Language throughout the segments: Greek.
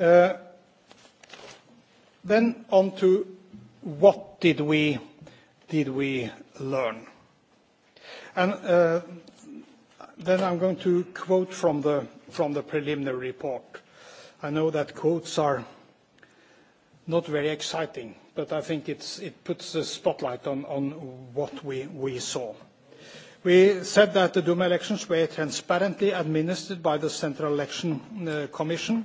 Then on to what did we learn? And then I'm going to quote from the preliminary report. I know that quotes are not very exciting, but I think it puts a spotlight on on what we we saw. We said that the Duma elections were transparently administered by the Central Election Commission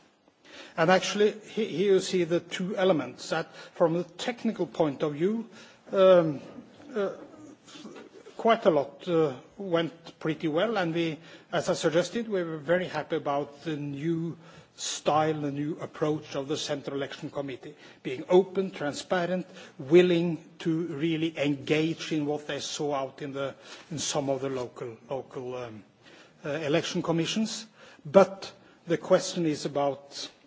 And actually, here you see the two elements that, from a technical point of view, quite a lot went pretty well. And we, as I suggested, we were very happy about the new style, the new approach of the Central Election Committee, being open, transparent, willing to really engage in what they saw out in some of the local election commissions. But the question is about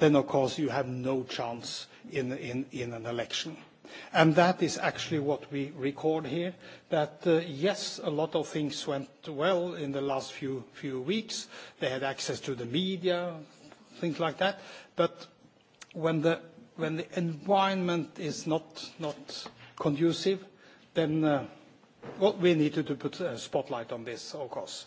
then of course you have no chance in an election. And that is actually what we record here, that yes, a lot of things went well in the last few weeks. They had access to the media, things like that. But when the environment is not conducive, then we needed to put a spotlight on this, of course.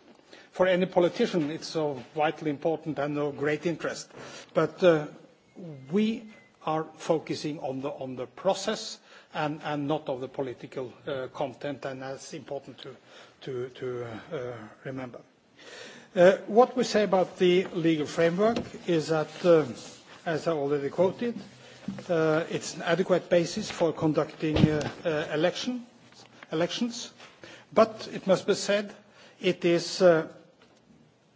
for any politician it's of vitally important and of great interest. But we are focusing on the process and not of the political content, and that's important to remember. What we say about the legal framework is that, as I already quoted, it's an adequate basis for conducting elections, but it must be said it is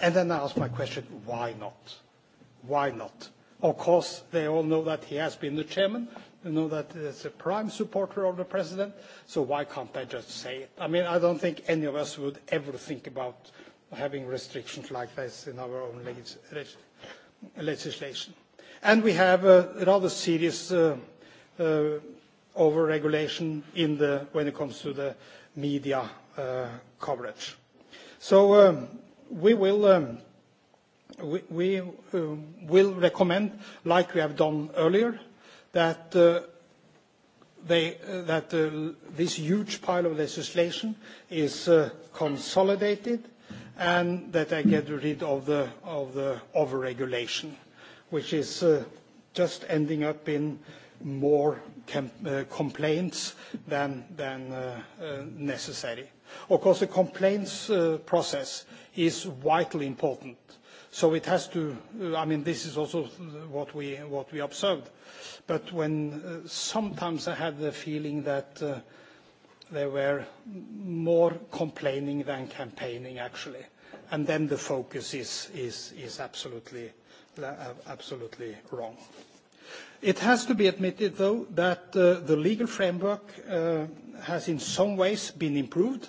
And then I ask my question, why not? Why not? Of course, they all know that he has been the chairman. They know that he's a prime supporter of the president. So why can't they just say it? I mean, I don't think any of us would ever think about having restrictions like this in our own legislation. And we have a rather serious over-regulation when it comes to the media coverage. So we will we will recommend, like we have done earlier, that that this huge pile of legislation is consolidated and that I get rid of the of the overregulation, which is just ending up in more complaints than than necessary. Of course, the complaints process is vitally important. So it has to, I mean, this is also what we observed. But when sometimes I had the feeling that there were more complaining than campaigning actually, and then the focus is is absolutely wrong. It has to be admitted though that the legal framework has in some ways been improved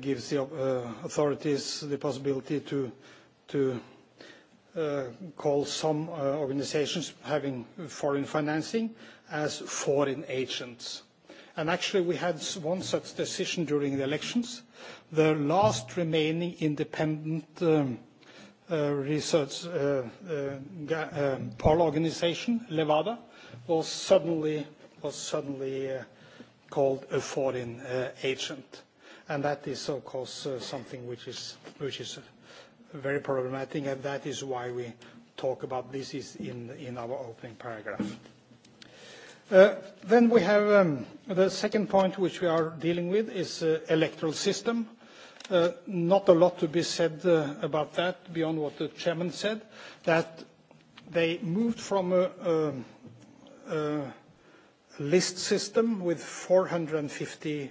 gives the authorities the possibility to call some organizations having foreign financing as foreign agents. And actually we had one such decision during the elections. The last remaining independent research poll organization, Levada, was suddenly called a foreign agent and that is of course something which is very problematic and that is why we talk about this in in our opening paragraph then we have the second point which we are dealing with is electoral system not a lot to be said about that beyond what the chairman said that they moved from a list system with 450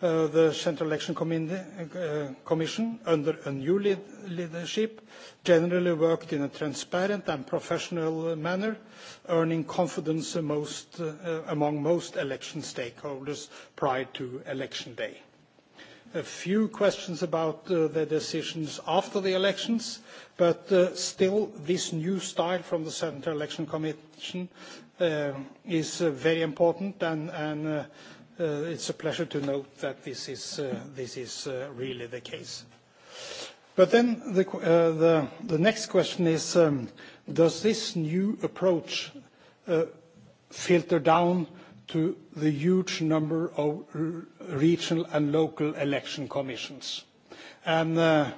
the Central Election Commission, under a new leadership, generally worked in a transparent and professional manner, earning confidence among most election stakeholders prior to election day. A few questions about the decisions after the elections, but still this new style from the Central Election Commission is very important and It's a pleasure to note that this is really the case. But then the next question is, does this new approach filter down to the huge number of regional and local election commissions? And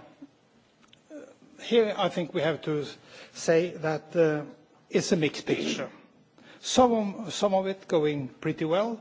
here I think we have to say that it's a mixed picture. Some of it going pretty well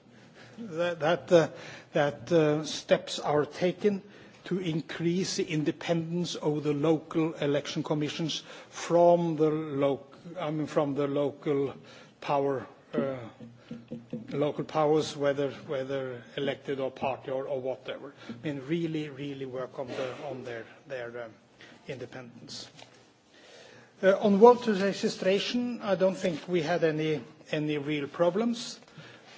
that steps are taken to increase the independence of the local election commissions from the local power local powers, whether elected or party or whatever. I mean, really, really work on their independence. On voter registration, I don't think we had any real problems.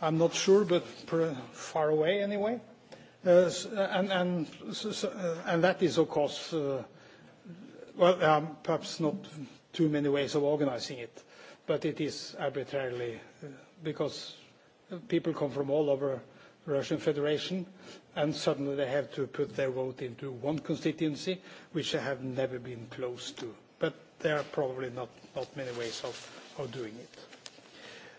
I'm not sure, but far away anyway. And that is, of course, well, perhaps not too many ways of organizing it, but it is arbitrarily because people come from all over the Russian Federation, and suddenly they have to put their vote into one constituency, which they have never been close to. But there are probably not many ways of doing it.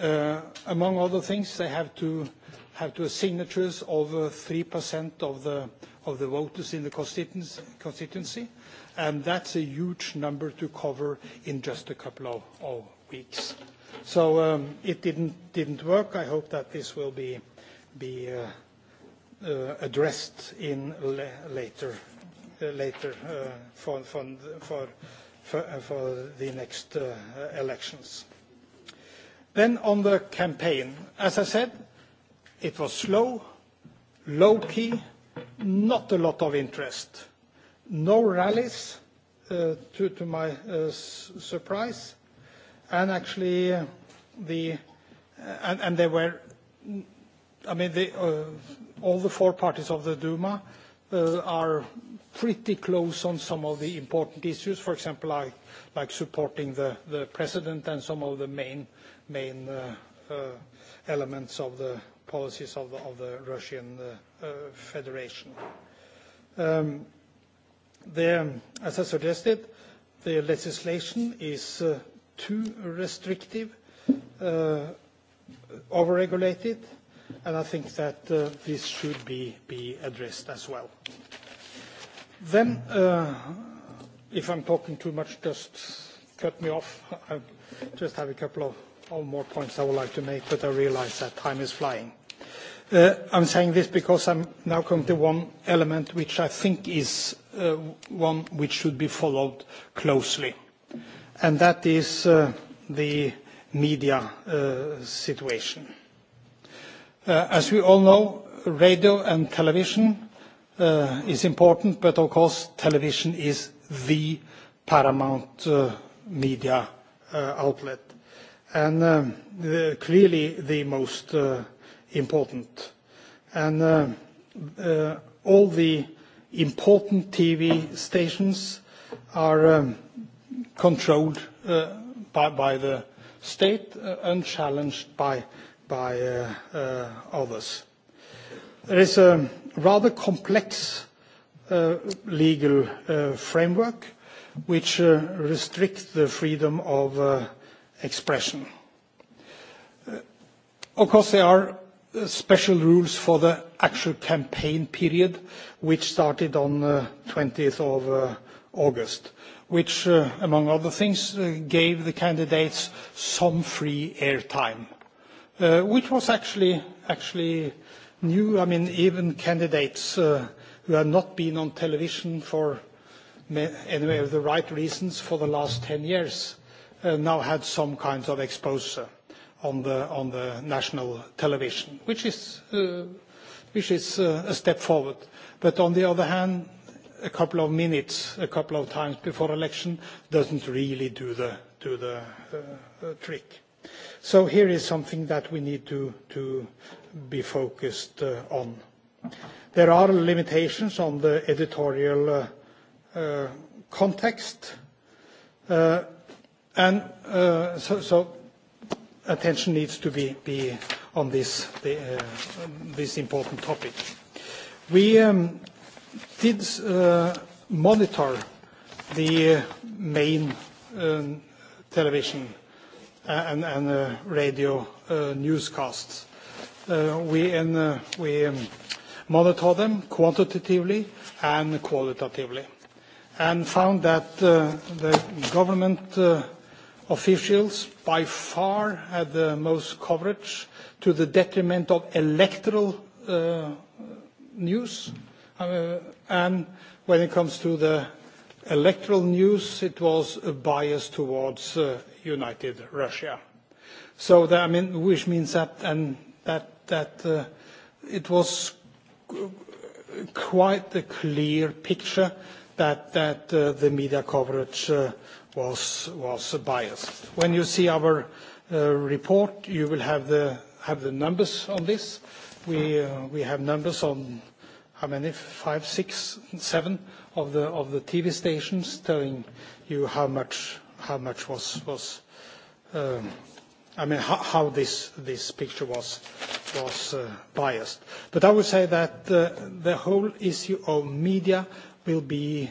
Among other things, they have to have to signatures of 3% of the of the voters in the constituency, and that's a huge number to cover in just a couple of weeks. So it didn't didn't work. I hope that this will be addressed in later later for for for the next elections. Then on the campaign, as I said, it was slow, low-key, not a lot of interest. No rallies, to my surprise, and actually the and there were, I mean, all the four parties of the Duma are pretty close on some of the important issues, for example, like supporting the president and some of the main main elements of the policies of the Russian Federation. As I suggested, the legislation is too restrictive, overregulated, and I think that this should be addressed as well. Then, if I'm talking too much, just cut me off. I just have a couple of of more points I would like to make, but I realize that time is flying. I'm saying this because I'm now coming to one element which I think is one which should be followed closely, and that is the media situation. As we all know, radio and television is important, but of course television is the paramount media outlet and clearly the most important. And all the important TV stations are controlled by the state and challenged by others. There is a rather complex legal framework which restricts the freedom of expression. Of course, there are special rules for the actual campaign period, which started on the 20th of August, which, among other things, gave the candidates some free airtime, which was actually new. I mean, even candidates who have not been on television for of the right reasons for the last 10 years now had some kinds of exposure on the national television, which is a step forward. But on the other hand, a couple of minutes, a couple of times before election, doesn't really do the trick. So here is something that we need to be focused on. There are limitations on the editorial context. And so attention needs to be on this important topic. We did monitor the main television and radio newscasts. We monitor them quantitatively and qualitatively and found that the government officials by far had the most coverage to the detriment of electoral news. And when it comes to the electoral news, it was a bias towards United Russia. So, I mean, which means that and that that it was quite a clear picture that that the media coverage was biased. When you see our report, you will have the numbers on this. We have numbers on how many? Five, six, seven of the TV stations telling you how much was, I mean, how this picture was biased. But I would say that the whole issue of media will be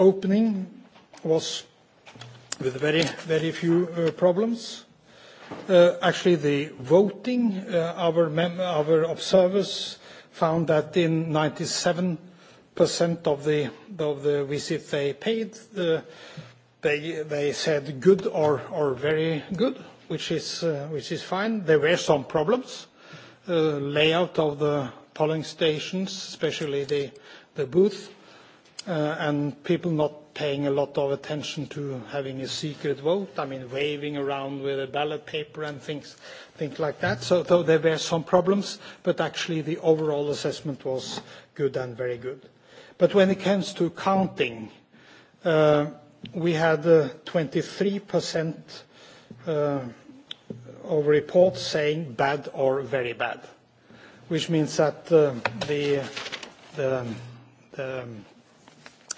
opening was with very, very few problems. Actually, the voting, our observers found that in 97% of the visits they paid, they said good or very good, which is fine. There were some problems. Layout of the polling stations, especially the booth, and people not paying a lot of attention to having a secret vote, I mean, waving around with a ballot paper and things like that. So there were some problems, but actually the overall assessment was good and very good. But when it comes to counting, we had 23% of reports saying bad or very bad, which means that the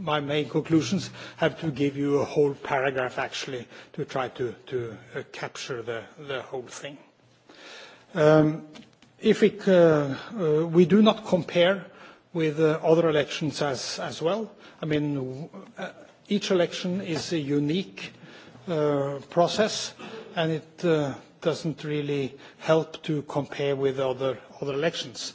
my main conclusions have to give you a whole paragraph actually to try to to capture the the whole thing. If we do not compare with other elections as as well, I mean each election is a unique process and it doesn't really help to compare with other other elections.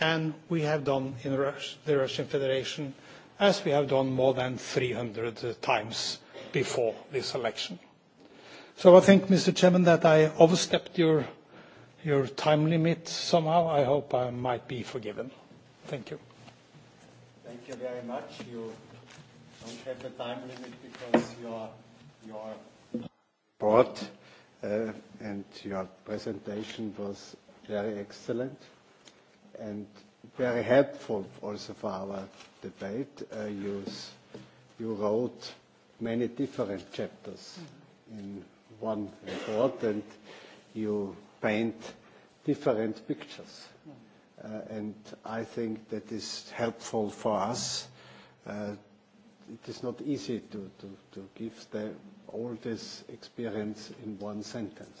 and we have done in the Russian Federation as we have done more than 300 times before this election. So I think, Mr. Chairman, that I overstepped your time limit somehow. I hope I might be forgiven. Thank you. Thank you very much. You don't have the time limit because your your report and your presentation was very excellent and very helpful also for our debate. You wrote many different chapters in one report and you paint different pictures. And I think that is helpful for us. It is not easy to give all this experience in one sentence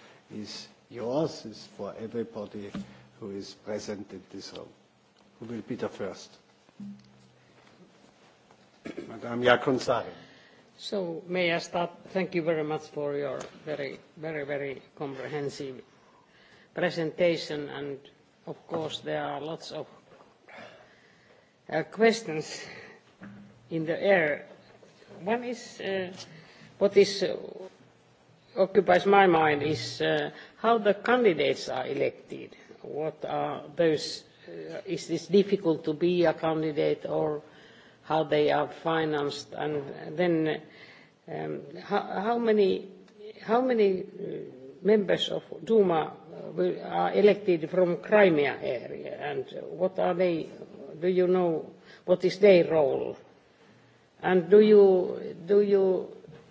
is yours, is for everybody who is present in this room. Who will be the first? Madame So may I start? Thank you very much for your very, very, very comprehensive presentation. And of course, there are lots of questions in the air. One is what is occupies my mind is how the candidates are elected. What are those? Is this difficult to be a candidate or how they are financed? And then how many how many members of Duma are elected from Crimea area and what are they? Do you know what is their role? And do you do you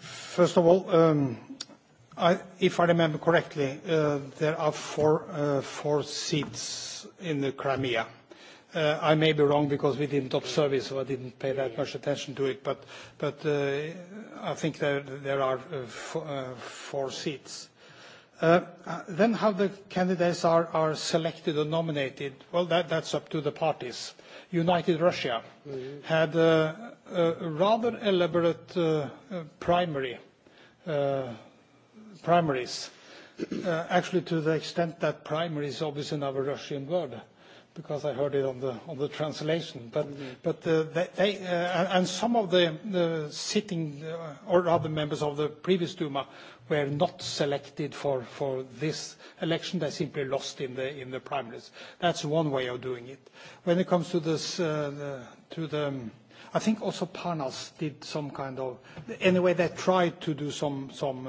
First of all, if I remember correctly, there are four seats in the Crimea. I may be wrong because we didn't observe it, so I didn't pay that much attention to it, but I think there are four seats. Then how the candidates are selected or nominated, well, that's up to the parties. United Russia had a rather elaborate primary primaries, actually to the extent that primaries obviously, in our Russian word because I heard it on the on the translation. But but they and some of the sitting or other members of the previous Duma were not selected for for this election. They simply lost in the in the primaries. That's one way of doing it. When it comes to this to the I think also Parnas did some kind of anyway they tried to do some some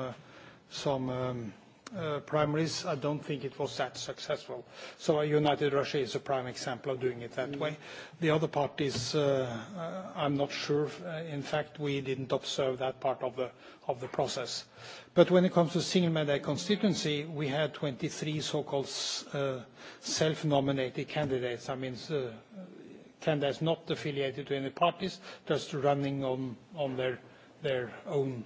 some primaries, I don't think it was that successful. So United Russia is a prime example of doing it that way. The other parties, is, I'm not sure. In fact, we didn't observe that part of the process. But when it comes to single mandate constituency, we had 23 so-called self-nominated candidates. I mean, candidates not affiliated to any parties, just running on their own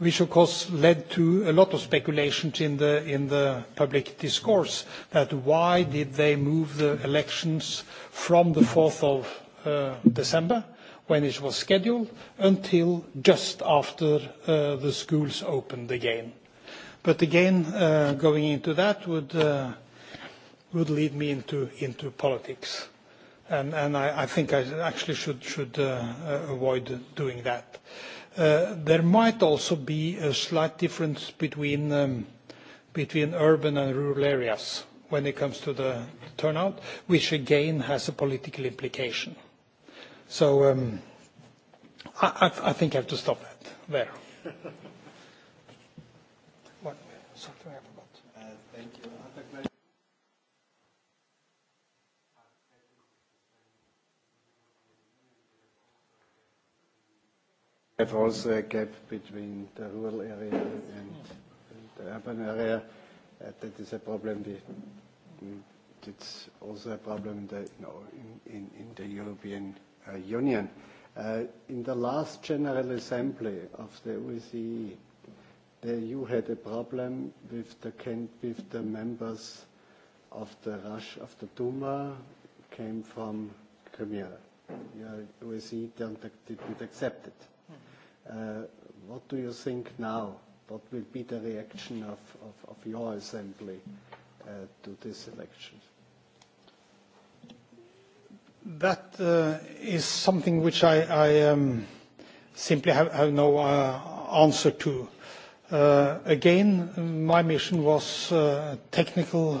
which of course led to a lot of speculations in the in the public discourse that why did they move the elections from the 4th of December when it was scheduled until just after the schools opened again. But again, going into that would would lead me into into politics, and and I think I actually should should avoid doing that. There might also be a slight difference between urban and rural areas when it comes to the turnout, which again has a political implication. So I think I have to stop that there. have also a gap between the rural area and the urban area. That is a problem. It's also a problem in the European Union. In the last General Assembly of the OSCE, the EU had a problem with the members of the Rush of the Duma came from Crimea. The OSCE didn't accept it What do you think now? What will be the reaction of of your assembly to this election? That is something which I simply have no answer to. Again, my mission was technical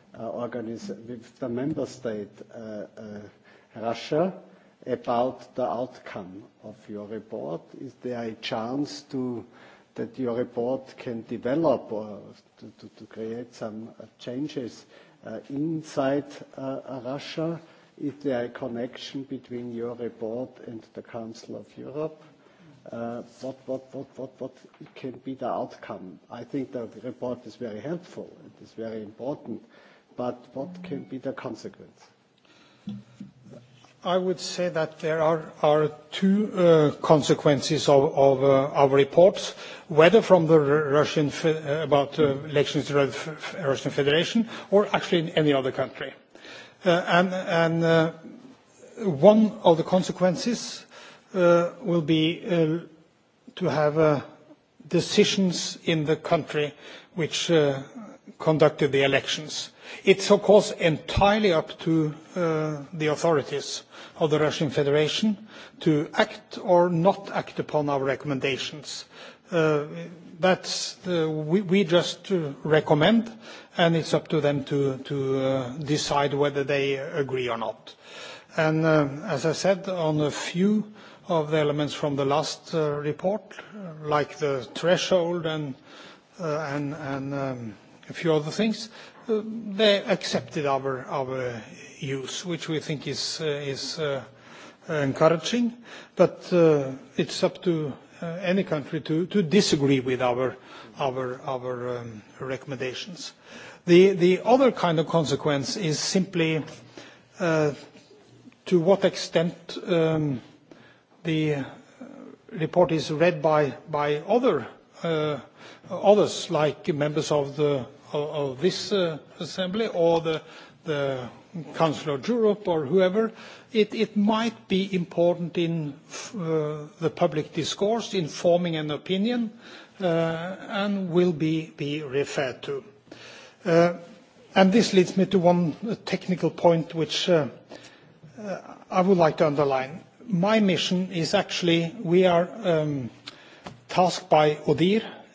with the member state Russia about the outcome of your report. Is there a chance to that your report can develop or to create some changes inside Russia? Is there a connection between your report and the Council of Europe? What what what what what can be the outcome? I think the report is very helpful. It is very important but what can be the consequence? I would say that there are two consequences of our reports, whether from the Russian about elections in the Russian Federation or actually in any other country. And one of the consequences will be to have decisions in the country which conducted the elections. It's of course entirely up to the authorities of the Russian Federation to act or not act upon our recommendations. we just recommend, and it's up to them to decide whether they agree or not. And as I said, on a few of the elements from the last report, like the threshold and few other things, they accepted our use, which we think is encouraging. But it's up to any country to disagree with our recommendations. The other kind of consequence is simply to what extent the report is read by others, like members of the of this assembly or the Council of Europe or whoever, it might be important in the public discourse, in forming an opinion, and will be referred to. And this leads me to one technical point which I would like to underline. My mission is actually, we are tasked by ODIHR,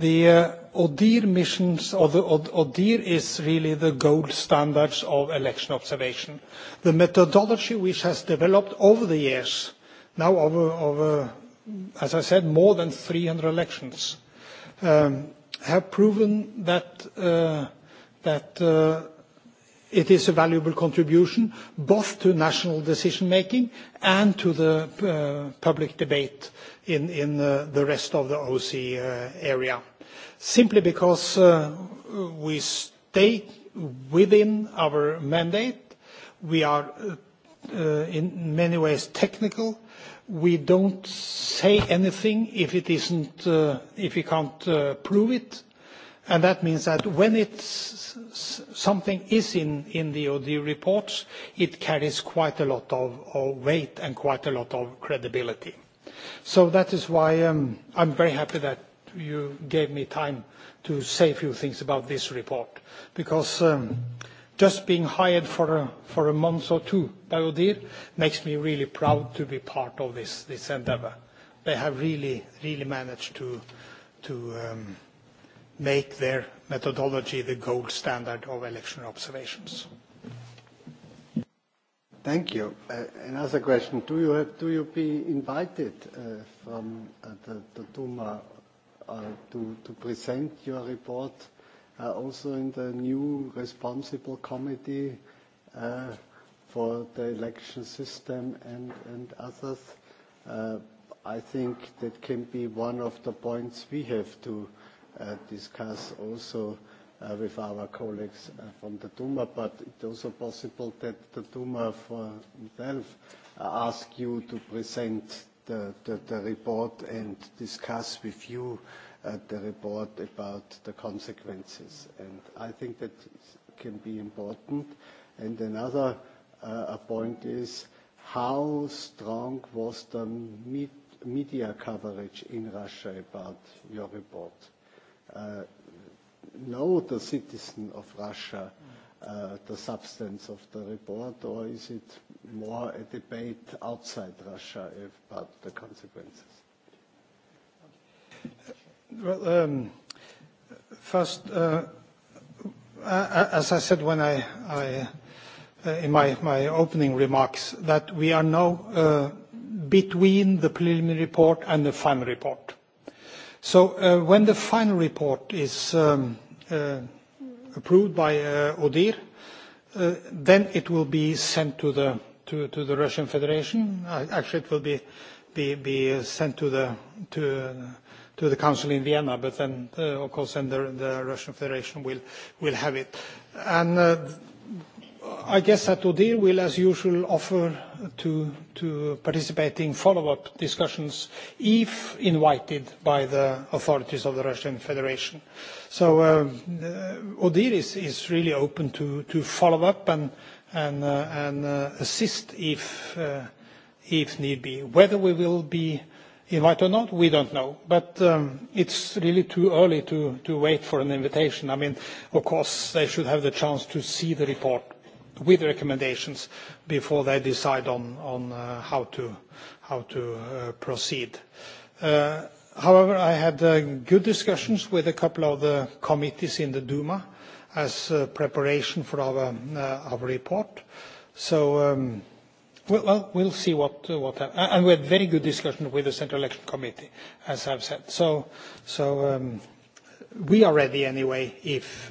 The ODIHR missions, or the ODIHR is really the gold standards of election observation. The methodology which has developed over the years, now over, as I said, more than 300 elections, have proven that It is a valuable contribution both to national decision-making and to the public debate in the rest of the OC area, simply because we stay within our mandate. We are in many ways technical. We don't say anything if it isn't if we can't prove it And that means that when something is in the OD reports, it carries quite a lot of weight and quite a lot of credibility. So that is why I'm very happy that you gave me time to say a few things about this report, because just being hired for a month or two by ODIHR makes me really proud to be part of this endeavor. They have really, really managed to make their methodology the gold standard of election observations. Thank you. Another question. Do you have, do you be invited from the, Duma to, to present your report also in the new responsible committee for the election system and, and others? I think that can be one of the points we have to discuss also with our colleagues from the Duma, but it's also possible that the Duma for himself ask you to present the report and discuss with you the report about the consequences. And I think that can be important. And another point is how strong was the media coverage in Russia about your report? know the citizen of Russia the substance of the report, or is it more a debate outside Russia about the consequences? Well, first, as I said when I, in my my opening remarks, that we are now between the preliminary report and the final report. So when the final report is approved by ODIHR, then it will be sent to the to the Russian Federation. Actually, it will be be sent to the to the Council in Vienna, but then, of course, then the Russian Federation will will have it. And I guess that Odile will, as usual, offer to participate in follow-up discussions if invited by the authorities of the Russian Federation. So Odile is really open to follow up and assist if need be. Whether we will be invited or not, we don't know. But it's really too early to wait for an invitation. I mean, of course, they should have the chance to see the report with recommendations before they decide on how to proceed. However, I had good discussions with a couple of the committees in the Duma as preparation for our report. So well, we'll see what happens. And we had very good discussion with the Central Election Committee, as I've said. So we are ready anyway if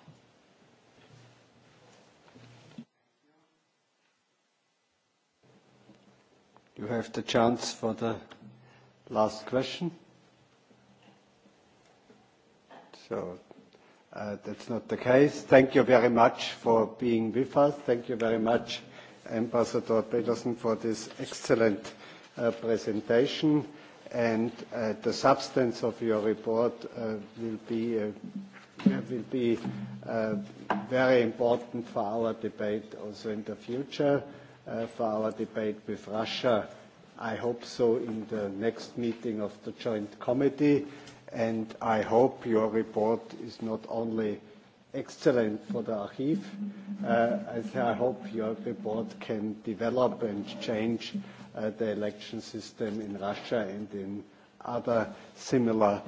You have the chance for the last question. So that's not the case. Thank you very much for being with us. Thank you very much, Ambassador Peterson, for this excellent presentation. And the substance of your report will be will be very important for our debate also in the future for our debate with Russia. I hope so in the next meeting of the Joint Committee, and I hope your report is not only excellent for the archive, I hope your report can develop and change the election system in Russia and in other similar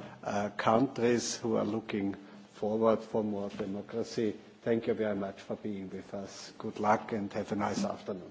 countries who are looking forward for more democracy. Thank you very much for being with us. Good luck and have a nice afternoon.